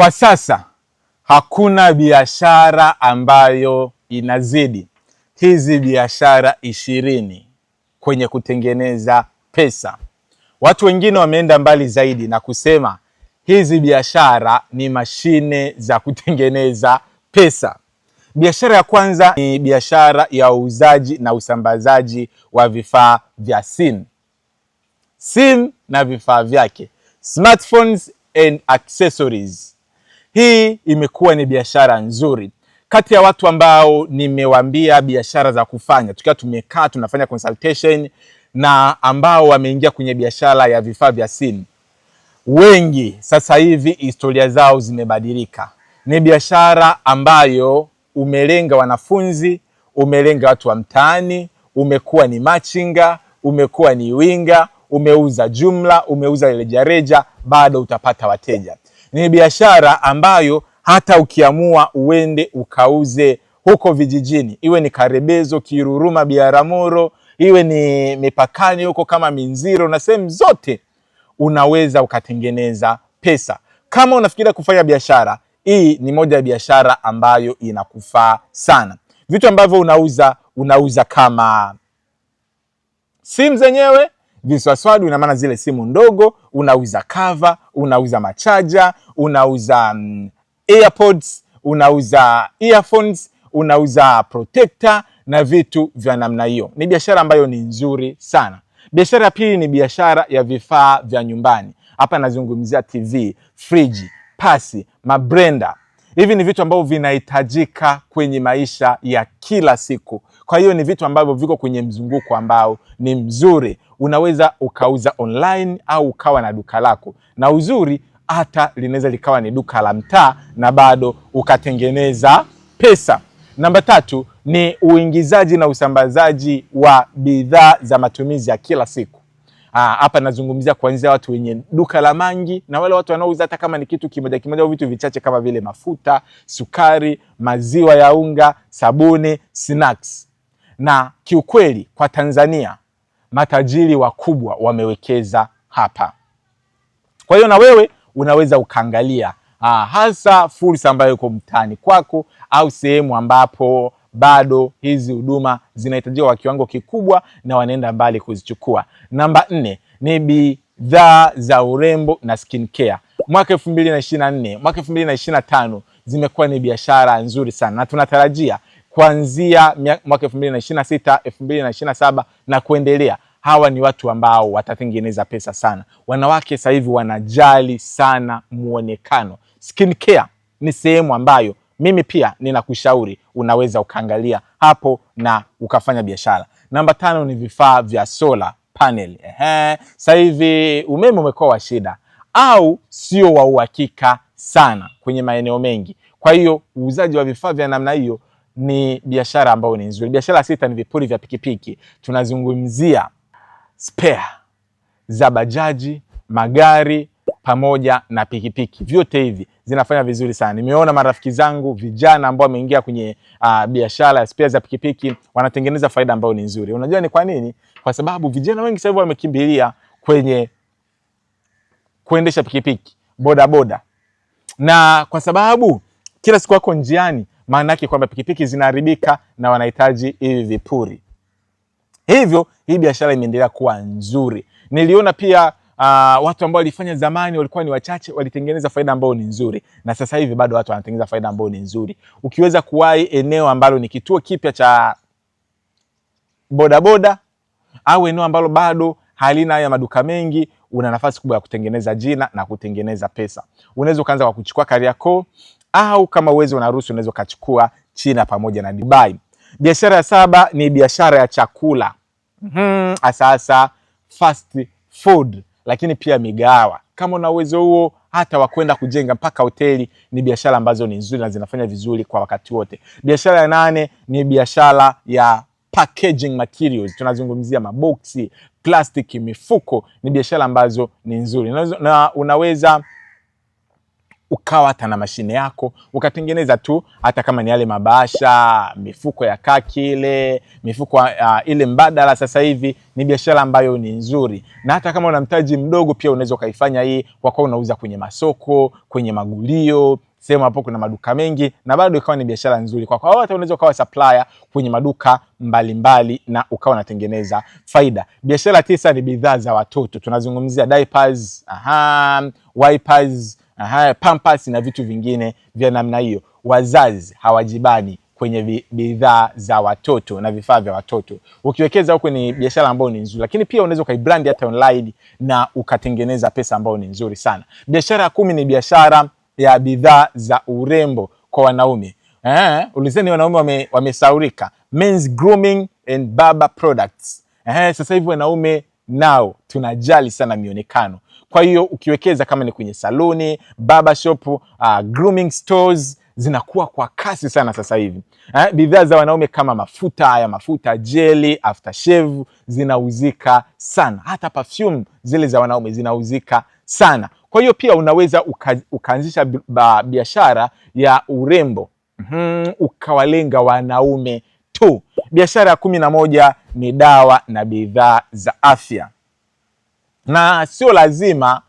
Kwa sasa hakuna biashara ambayo inazidi hizi biashara ishirini kwenye kutengeneza pesa. Watu wengine wameenda mbali zaidi na kusema hizi biashara ni mashine za kutengeneza pesa. Biashara ya kwanza ni biashara ya uuzaji na usambazaji wa vifaa vya simu. Simu na vifaa vyake, smartphones and accessories hii imekuwa ni biashara nzuri kati ya watu ambao nimewambia biashara za kufanya, tukiwa tumekaa tunafanya consultation na ambao wameingia kwenye biashara ya vifaa vya simu, wengi sasa hivi historia zao zimebadilika. Ni biashara ambayo umelenga wanafunzi, umelenga watu wa mtaani, umekuwa ni machinga, umekuwa ni winga, umeuza jumla, umeuza rejareja, bado utapata wateja ni biashara ambayo hata ukiamua uende ukauze huko vijijini, iwe ni Karebezo, Kiruruma, biaramoro iwe ni mipakani huko kama Minziro na sehemu zote, unaweza ukatengeneza pesa. Kama unafikiria kufanya biashara hii, ni moja ya biashara ambayo inakufaa sana. Vitu ambavyo unauza, unauza kama simu zenyewe Viswaswadu ina maana zile simu ndogo, unauza cover, unauza machaja, unauza um, mm, airpods, unauza earphones, unauza protector na vitu vya namna hiyo. Ni biashara ambayo ni nzuri sana. Biashara ya pili ni biashara ya vifaa vya nyumbani. Hapa nazungumzia TV, friji, pasi, mabrenda. Hivi ni vitu ambavyo vinahitajika kwenye maisha ya kila siku. Kwa hiyo ni vitu ambavyo viko kwenye mzunguko ambao ni mzuri unaweza ukauza online au ukawa na duka lako, na uzuri hata linaweza likawa ni duka la mtaa na bado ukatengeneza pesa. Namba tatu ni uingizaji na usambazaji wa bidhaa za matumizi ya kila siku. Ah, hapa nazungumzia kuanzia watu wenye duka la mangi na wale watu wanaouza hata kama ni kitu kimoja kimoja au vitu vichache kama vile mafuta, sukari, maziwa ya unga, sabuni, snacks. Na kiukweli kwa Tanzania matajiri wakubwa wamewekeza hapa. Kwa hiyo na wewe unaweza ukaangalia ah, hasa fursa ambayo iko mtaani kwako au sehemu ambapo bado hizi huduma zinahitajika kwa kiwango kikubwa na wanaenda mbali kuzichukua. Namba nne ni bidhaa za urembo na care. Mwaka elfu mbili na ishirini na nne mwaka elfu mbili na ishirini na tano zimekuwa ni biashara nzuri sana na tunatarajia kuanzia mwaka elfu mbili na kuendelea. Hawa ni watu ambao watatengeneza pesa sana. Wanawake sasa hivi wanajali sana mwonekano Skincare ni sehemu ambayo mimi pia ninakushauri unaweza ukaangalia hapo na ukafanya biashara. Namba tano ni vifaa vya solar panel. Ehe, sasa hivi umeme umekuwa wa shida au sio wa uhakika sana kwenye maeneo mengi, kwa hiyo uuzaji wa vifaa vya namna hiyo ni biashara ambayo ni nzuri. Biashara sita ni vipuri vya pikipiki, tunazungumzia spare za bajaji, magari pamoja na pikipiki. Vyote hivi zinafanya vizuri sana. Nimeona marafiki zangu vijana ambao wameingia kwenye uh, biashara ya spare za pikipiki wanatengeneza faida ambayo ni nzuri. Unajua ni kwa nini? Kwa sababu vijana wengi sasa hivi wamekimbilia kwenye kuendesha pikipiki, bodaboda, na kwa sababu kila siku wako njiani maana yake kwamba pikipiki zinaharibika na wanahitaji hivi vipuri. Hivyo hii biashara imeendelea kuwa nzuri. Niliona pia uh, watu ambao walifanya zamani walikuwa ni wachache, walitengeneza faida ambayo ni nzuri, na sasa hivi bado watu wanatengeneza faida ambayo ni nzuri. Ukiweza kuwahi eneo ambalo ni kituo kipya cha bodaboda au eneo ambalo bado halina haya maduka mengi, una nafasi kubwa ya kutengeneza jina na kutengeneza pesa. Unaweza ukaanza kwa kuchukua Kariakoo au kama uwezo unaruhusu unaweza ukachukua China pamoja na Dubai. Biashara ya saba ni biashara ya chakula mm -hmm. fast food, lakini pia migawa Kama una uwezo huo hata wa kwenda kujenga mpaka hoteli, ni biashara ambazo ni nzuri na zinafanya vizuri kwa wakati wote. Biashara ya nane ni biashara ya packaging materials, tunazungumzia maboksi, plastiki, mifuko. Ni biashara ambazo ni nzuri na unaweza ukawa hata na mashine yako ukatengeneza tu, hata kama ni yale mabasha, mifuko ya kaki ile mifuko uh, ile mbadala. Sasa hivi ni biashara ambayo ni nzuri, na hata kama una mtaji mdogo pia unaweza ukaifanya hii kwa kuwa unauza kwenye masoko, kwenye magulio sehemu hapo kuna maduka mengi na bado ikawa ni biashara nzuri kwako, au hata unaweza ukawa supplier kwenye maduka mbalimbali mbali, na ukawa unatengeneza faida. Biashara tisa ni bidhaa za watoto, tunazungumzia diapers, aha, wipers Aha, pampas na vitu vingine vya namna hiyo. Wazazi hawajibani kwenye bidhaa za watoto na vifaa vya watoto. Ukiwekeza huko ni biashara ambayo ni nzuri, lakini pia unaweza ukaibrand hata online na ukatengeneza pesa ambayo ni nzuri sana. Biashara ya kumi ni biashara ya bidhaa za urembo kwa wanaume. Eh, ulizeni wanaume wame, wamesaurika. Men's grooming and barber products. Eh, sasa hivi wanaume nao tunajali sana mionekano. Kwa hiyo ukiwekeza kama ni kwenye saluni, barbershop, uh, grooming stores zinakuwa kwa kasi sana sasa hivi eh, bidhaa za wanaume kama mafuta ya mafuta jeli, aftershave zinauzika sana, hata perfume zile za wanaume zinauzika sana. Kwa hiyo pia unaweza ukaanzisha biashara ya urembo mm -hmm, ukawalenga wanaume tu. Biashara ya kumi na moja ni dawa na bidhaa za afya na sio lazima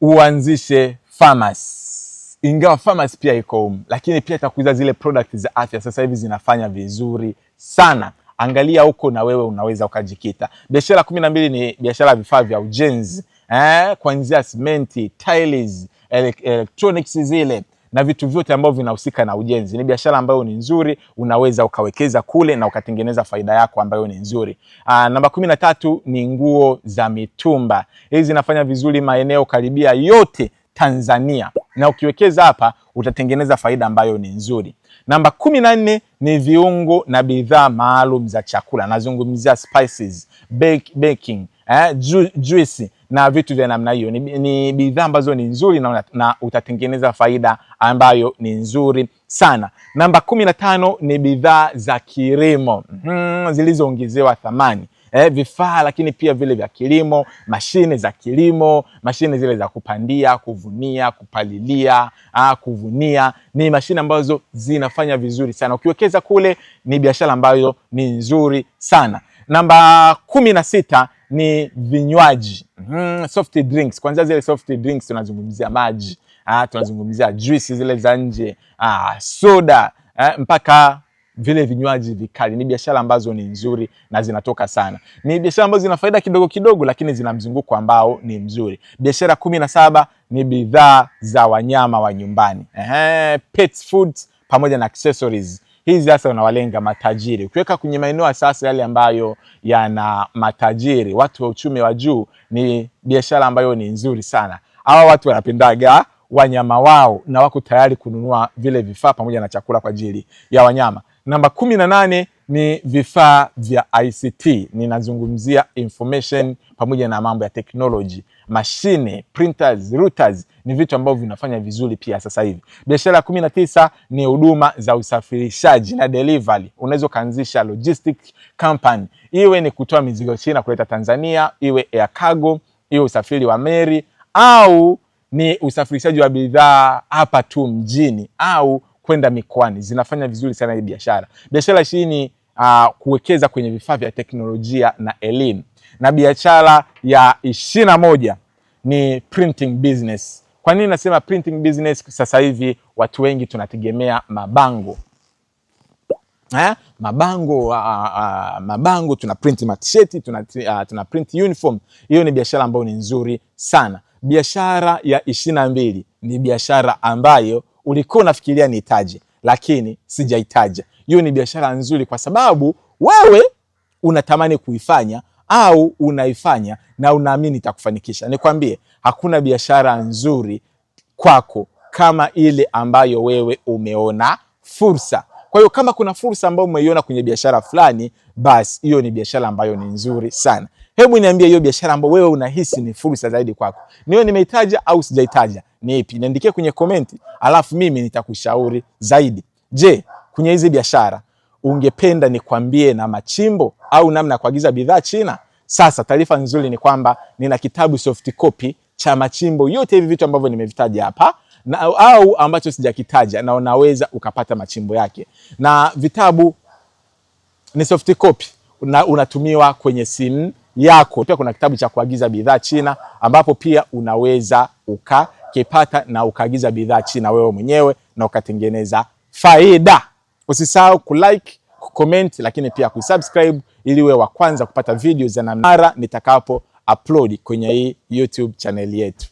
uanzishe pharmacy, ingawa pharmacy pia iko humu, lakini pia itakuuza zile product za afya. Sasa hivi zinafanya vizuri sana, angalia huko na wewe unaweza ukajikita. Biashara kumi na mbili ni biashara ya vifaa vya ujenzi eh, kuanzia simenti, tiles, electronics zile na vitu vyote ambavyo vinahusika na ujenzi. Ni biashara ambayo ni nzuri, unaweza ukawekeza kule na ukatengeneza faida yako ambayo ni nzuri. Aa, ah, namba kumi na tatu ni nguo za mitumba. Hizi zinafanya vizuri maeneo karibia yote Tanzania, na ukiwekeza hapa utatengeneza faida ambayo ni nzuri. Namba kumi na nne ni viungo na bidhaa maalum za chakula, nazungumzia spices, bake, baking, eh, ju, juisi na vitu vya namna hiyo. Ni, ni bidhaa ambazo ni nzuri na, na utatengeneza faida ambayo ni nzuri sana. Namba kumi na tano ni bidhaa za kilimo hmm, zilizoongezewa thamani eh, vifaa lakini pia vile vya kilimo, mashine za kilimo, mashine zile za kupandia, kuvunia, kupalilia, aa, ah, kuvunia ni mashine ambazo zinafanya vizuri sana. Ukiwekeza kule ni biashara ambayo ni nzuri sana. Namba kumi na sita ni vinywaji mm, soft drinks, kwanza zile soft drinks tunazungumzia maji ah, tunazungumzia juisi zile za nje ah, soda eh, mpaka vile vinywaji vikali. Ni biashara ambazo ni nzuri na zinatoka sana, ni biashara ambazo zina faida kidogo kidogo, lakini zina mzunguko ambao ni mzuri. Biashara kumi na saba ni bidhaa za wanyama wa nyumbani eh, pet food pamoja na accessories. Hizi sasa unawalenga matajiri, ukiweka kwenye maeneo sasa yale ambayo yana matajiri, watu wa uchumi wa juu, ni biashara ambayo ni nzuri sana. Hawa watu wanapendaga wanyama wao na wako tayari kununua vile vifaa pamoja na chakula kwa ajili ya wanyama. Namba kumi na nane ni vifaa vya ICT. Ninazungumzia information pamoja na mambo ya technology, mashine, printers, routers ni vitu ambavyo vinafanya vizuri pia sasa hivi. Biashara ya kumi na tisa ni huduma za usafirishaji na delivery. Unaweza ukaanzisha logistic company, iwe ni kutoa mizigo China kuleta Tanzania, iwe air cargo, iwe usafiri wa meli au ni usafirishaji wa bidhaa hapa tu mjini au kwenda mikoani, zinafanya vizuri sana hii biashara. Biashara chini uh, ah, kuwekeza kwenye vifaa vya teknolojia na elimu. Na biashara ya ishirini na moja ni printing business. Kwa nini nasema printing business? Sasa hivi watu wengi tunategemea mabango Ha? Eh, mabango uh, uh, mabango tuna print matisheti tuna, uh, tuna print uniform. Hiyo ni biashara ambayo ni nzuri sana biashara ya ishirini na mbili ni biashara ambayo ulikuwa unafikiria nihitaji, lakini sijaitaja. Hiyo ni biashara nzuri, kwa sababu wewe unatamani kuifanya au unaifanya na unaamini itakufanikisha. Nikwambie, hakuna biashara nzuri kwako kama ile ambayo wewe umeona fursa kwa hiyo kama kuna fursa ambayo umeiona kwenye biashara fulani, basi hiyo ni biashara ambayo ni nzuri sana. Hebu niambie hiyo biashara ambayo wewe unahisi ni fursa zaidi kwako, niyo nimeitaja au sijaitaja, ni ipi? Niandikie kwenye komenti, alafu mimi nitakushauri zaidi. Je, kwenye hizi biashara ungependa nikwambie na machimbo au namna ya kuagiza bidhaa China? Sasa taarifa nzuri ni kwamba nina kitabu soft copy cha machimbo yote hivi vitu ambavyo nimevitaja hapa na, au ambacho sijakitaja na unaweza ukapata machimbo yake, na vitabu ni soft copy na unatumiwa kwenye simu yako. Pia kuna kitabu cha kuagiza bidhaa China ambapo pia unaweza ukakipata na ukaagiza bidhaa China wewe mwenyewe na ukatengeneza faida. Usisahau kulike, kucomment lakini pia kusubscribe ili uwe wa kwanza kupata video za mara nitakapo upload kwenye hii YouTube channel yetu.